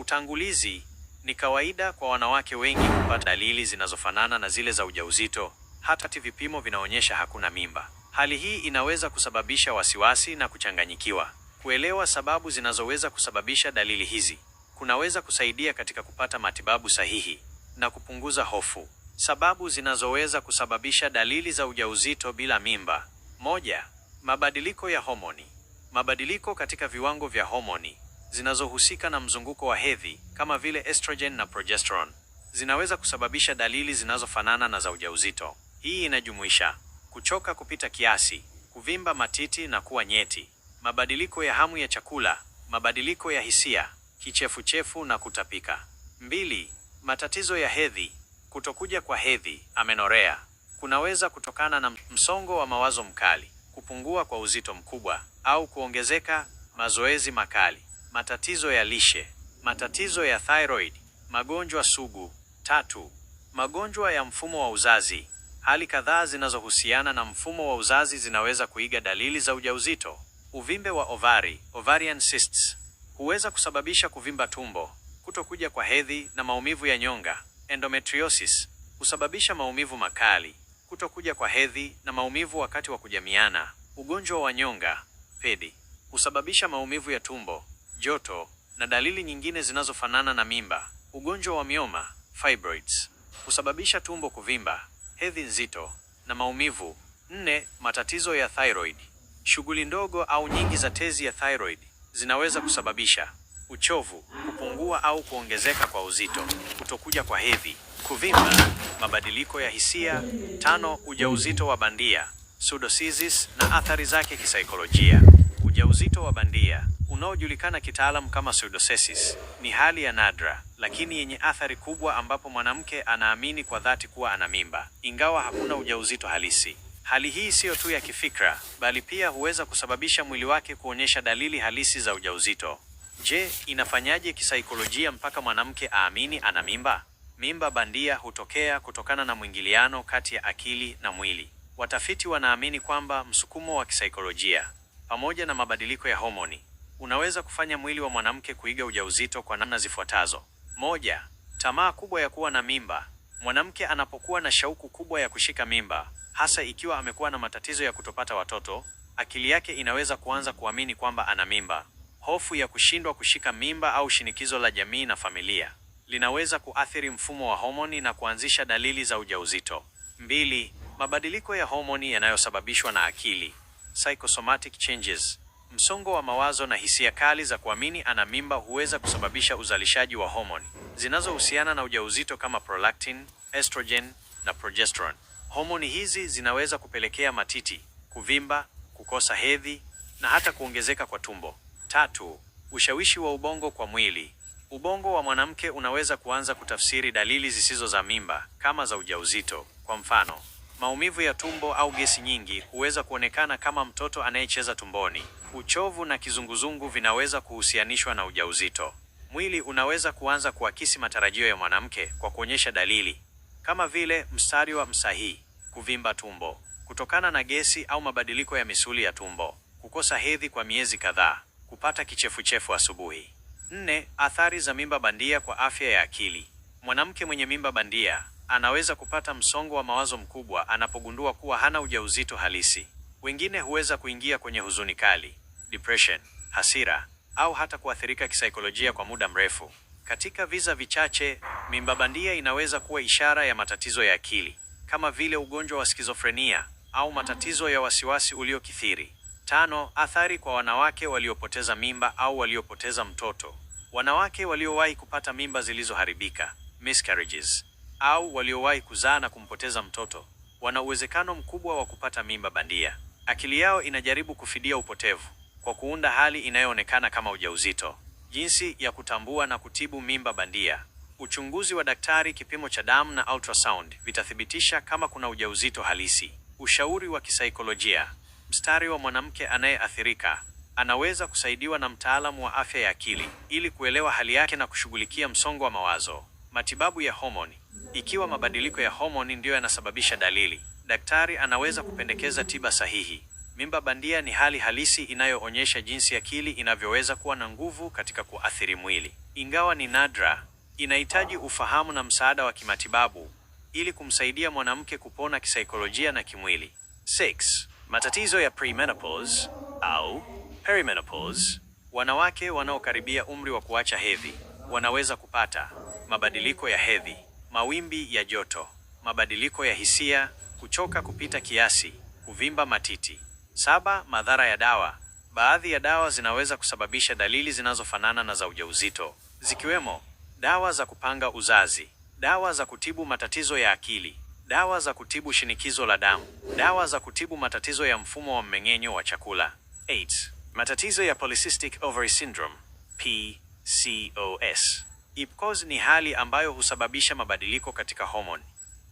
Utangulizi. Ni kawaida kwa wanawake wengi kupata dalili zinazofanana na zile za ujauzito, hata vipimo vinaonyesha hakuna mimba. Hali hii inaweza kusababisha wasiwasi na kuchanganyikiwa. Kuelewa sababu zinazoweza kusababisha dalili hizi kunaweza kusaidia katika kupata matibabu sahihi na kupunguza hofu. Sababu zinazoweza kusababisha dalili za ujauzito bila mimba. Moja, mabadiliko ya homoni. Mabadiliko katika viwango vya homoni zinazohusika na mzunguko wa hedhi kama vile estrogen na progesterone zinaweza kusababisha dalili zinazofanana na za ujauzito. Hii inajumuisha kuchoka kupita kiasi, kuvimba matiti na kuwa nyeti, mabadiliko ya hamu ya chakula, mabadiliko ya hisia, kichefuchefu na kutapika. Mbili, matatizo ya hedhi. Kutokuja kwa hedhi amenorea kunaweza kutokana na msongo wa mawazo mkali, kupungua kwa uzito mkubwa au kuongezeka, mazoezi makali matatizo ya lishe, matatizo ya thyroid, magonjwa sugu. Tatu, magonjwa ya mfumo wa uzazi. Hali kadhaa zinazohusiana na mfumo wa uzazi zinaweza kuiga dalili za ujauzito. Uvimbe wa ovari, ovarian cysts, huweza kusababisha kuvimba tumbo, kutokuja kwa hedhi na maumivu ya nyonga. Endometriosis husababisha maumivu makali, kutokuja kwa hedhi na maumivu wakati wa kujamiana. Ugonjwa wa nyonga, pedi, husababisha maumivu ya tumbo joto na dalili nyingine zinazofanana na mimba, ugonjwa wa mioma fibroids, husababisha tumbo kuvimba, hedhi nzito na maumivu. Nne, matatizo ya thyroid. Shughuli ndogo au nyingi za tezi ya thyroid zinaweza kusababisha uchovu, kupungua au kuongezeka kwa uzito, kutokuja kwa hedhi, kuvimba, mabadiliko ya hisia. Tano, ujauzito wa bandia pseudosis na athari zake kisaikolojia. Ujauzito wa bandia unaojulikana kitaalam kama pseudocesis ni hali ya nadra lakini yenye athari kubwa, ambapo mwanamke anaamini kwa dhati kuwa ana mimba ingawa hakuna ujauzito halisi. Hali hii siyo tu ya kifikra, bali pia huweza kusababisha mwili wake kuonyesha dalili halisi za ujauzito. Je, inafanyaje kisaikolojia mpaka mwanamke aamini ana mimba? Mimba bandia hutokea kutokana na mwingiliano kati ya akili na mwili. Watafiti wanaamini kwamba msukumo wa kisaikolojia pamoja na mabadiliko ya homoni Unaweza kufanya mwili wa mwanamke kuiga ujauzito kwa namna zifuatazo. Moja, tamaa kubwa ya kuwa na mimba. Mwanamke anapokuwa na shauku kubwa ya kushika mimba, hasa ikiwa amekuwa na matatizo ya kutopata watoto, akili yake inaweza kuanza kuamini kwamba ana mimba. Hofu ya kushindwa kushika mimba au shinikizo la jamii na familia linaweza kuathiri mfumo wa homoni na kuanzisha dalili za ujauzito. Mbili, mabadiliko ya homoni yanayosababishwa na akili, psychosomatic changes. Msongo wa mawazo na hisia kali za kuamini ana mimba huweza kusababisha uzalishaji wa homoni zinazohusiana na ujauzito kama prolactin, estrogen na progesterone. Homoni hizi zinaweza kupelekea matiti kuvimba, kukosa hedhi na hata kuongezeka kwa tumbo. Tatu, ushawishi wa ubongo kwa mwili. Ubongo wa mwanamke unaweza kuanza kutafsiri dalili zisizo za mimba kama za ujauzito. Kwa mfano, maumivu ya tumbo au gesi nyingi huweza kuonekana kama mtoto anayecheza tumboni. Uchovu na kizunguzungu vinaweza kuhusianishwa na ujauzito. Mwili unaweza kuanza kuakisi matarajio ya mwanamke kwa kuonyesha dalili kama vile mstari wa msahi, kuvimba tumbo kutokana na gesi au mabadiliko ya misuli ya tumbo, kukosa hedhi kwa miezi kadhaa, kupata kichefuchefu asubuhi. Nne, athari za mimba bandia kwa afya ya akili. Mwanamke mwenye mimba bandia anaweza kupata msongo wa mawazo mkubwa anapogundua kuwa hana ujauzito halisi. Wengine huweza kuingia kwenye huzuni kali, depression, hasira au hata kuathirika kisaikolojia kwa muda mrefu. Katika visa vichache, mimba bandia inaweza kuwa ishara ya matatizo ya akili kama vile ugonjwa wa skizofrenia au matatizo ya wasiwasi uliokithiri. Tano, athari kwa wanawake waliopoteza mimba au waliopoteza mtoto. Wanawake waliowahi kupata mimba zilizoharibika, miscarriages, au waliowahi kuzaa na kumpoteza mtoto wana uwezekano mkubwa wa kupata mimba bandia. Akili yao inajaribu kufidia upotevu kwa kuunda hali inayoonekana kama ujauzito. Jinsi ya kutambua na kutibu mimba bandia. Uchunguzi wa daktari, kipimo cha damu na ultrasound vitathibitisha kama kuna ujauzito halisi. Ushauri wa kisaikolojia. Mstari wa mwanamke anayeathirika anaweza kusaidiwa na mtaalamu wa afya ya akili ili kuelewa hali yake na kushughulikia msongo wa mawazo. Matibabu ya homoni. Ikiwa mabadiliko ya homoni ndiyo yanasababisha dalili daktari anaweza kupendekeza tiba sahihi. Mimba bandia ni hali halisi inayoonyesha jinsi akili inavyoweza kuwa na nguvu katika kuathiri mwili. Ingawa ni nadra, inahitaji ufahamu na msaada wa kimatibabu ili kumsaidia mwanamke kupona kisaikolojia na kimwili. 6. Matatizo ya premenopause au perimenopause. Wanawake wanaokaribia umri wa kuacha hedhi wanaweza kupata mabadiliko ya hedhi, mawimbi ya joto, mabadiliko ya hisia kuchoka kupita kiasi, kuvimba matiti. Saba, madhara ya dawa. Baadhi ya dawa zinaweza kusababisha dalili zinazofanana na za ujauzito, zikiwemo dawa za kupanga uzazi, dawa za kutibu matatizo ya akili, dawa za kutibu shinikizo la damu, dawa za kutibu matatizo ya mfumo wa mmeng'enyo wa chakula. 8. Matatizo ya polycystic ovary syndrome, PCOS. IPCOS ni hali ambayo husababisha mabadiliko katika homoni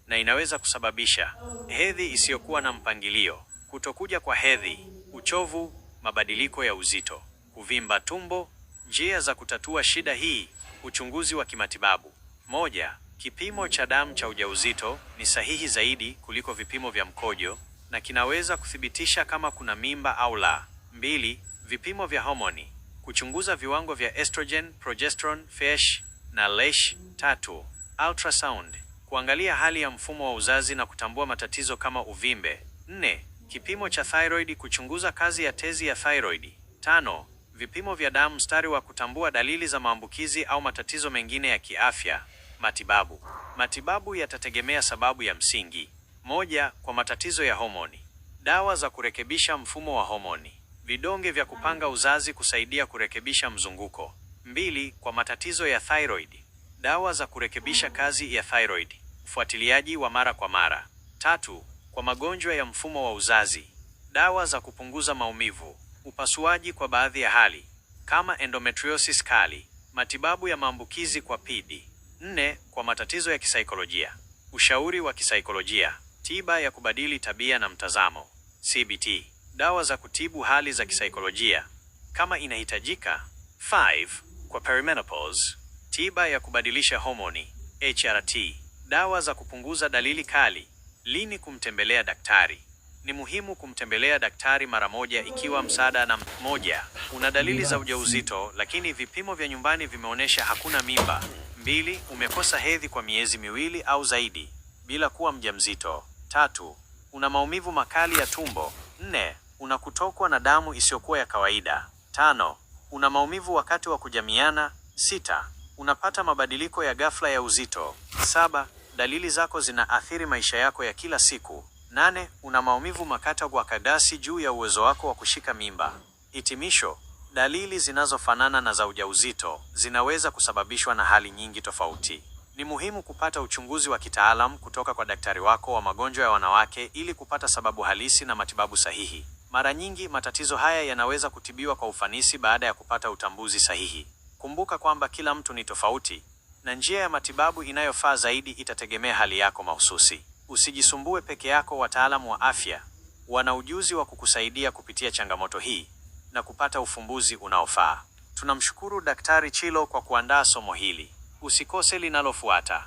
na inaweza kusababisha hedhi isiyokuwa na mpangilio, kutokuja kwa hedhi, uchovu, mabadiliko ya uzito, kuvimba tumbo. Njia za kutatua shida hii: uchunguzi wa kimatibabu. Moja, kipimo cha damu cha ujauzito ni sahihi zaidi kuliko vipimo vya mkojo na kinaweza kuthibitisha kama kuna mimba au la. Mbili, vipimo vya homoni kuchunguza viwango vya estrogen, progesterone, FSH e na LH. E tatu, ultrasound kuangalia hali ya mfumo wa uzazi na kutambua matatizo kama uvimbe. Nne, kipimo cha thyroidi kuchunguza kazi ya tezi ya thyroid. Tano, vipimo vya damu mstari wa kutambua dalili za maambukizi au matatizo mengine ya kiafya. Matibabu. Matibabu yatategemea sababu ya msingi. Moja, kwa matatizo ya homoni, dawa za kurekebisha mfumo wa homoni, vidonge vya kupanga uzazi kusaidia kurekebisha mzunguko. Mbili, kwa matatizo ya thyroidi Dawa za kurekebisha kazi ya thyroid, ufuatiliaji wa mara kwa mara. Tatu, kwa magonjwa ya mfumo wa uzazi, dawa za kupunguza maumivu, upasuaji kwa baadhi ya hali kama endometriosis kali, matibabu ya maambukizi kwa PID. Nne, kwa matatizo ya kisaikolojia, ushauri wa kisaikolojia, tiba ya kubadili tabia na mtazamo, CBT, dawa za kutibu hali za kisaikolojia kama inahitajika. Five, kwa perimenopause tiba ya kubadilisha homoni HRT, dawa za kupunguza dalili kali. Lini kumtembelea daktari? Ni muhimu kumtembelea daktari mara moja ikiwa msaada na moja, una dalili za ujauzito lakini vipimo vya nyumbani vimeonyesha hakuna mimba. Mbili, umekosa hedhi kwa miezi miwili au zaidi bila kuwa mjamzito. Tatu, una maumivu makali ya tumbo. Nne, una kutokwa na damu isiyokuwa ya kawaida. Tano, una maumivu wakati wa kujamiana. Sita, unapata mabadiliko ya ghafla ya uzito. Saba, dalili zako zinaathiri maisha yako ya kila siku. Nane, una maumivu makata kwa kadasi juu ya uwezo wako wa kushika mimba. Hitimisho, dalili zinazofanana na za ujauzito zinaweza kusababishwa na hali nyingi tofauti. Ni muhimu kupata uchunguzi wa kitaalam kutoka kwa daktari wako wa magonjwa ya wanawake ili kupata sababu halisi na matibabu sahihi. Mara nyingi matatizo haya yanaweza kutibiwa kwa ufanisi baada ya kupata utambuzi sahihi. Kumbuka kwamba kila mtu ni tofauti na njia ya matibabu inayofaa zaidi itategemea hali yako mahususi. Usijisumbue peke yako. Wataalamu wa afya wana ujuzi wa kukusaidia kupitia changamoto hii na kupata ufumbuzi unaofaa. Tunamshukuru Daktari Chilo kwa kuandaa somo hili. Usikose linalofuata.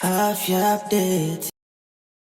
Afya Update.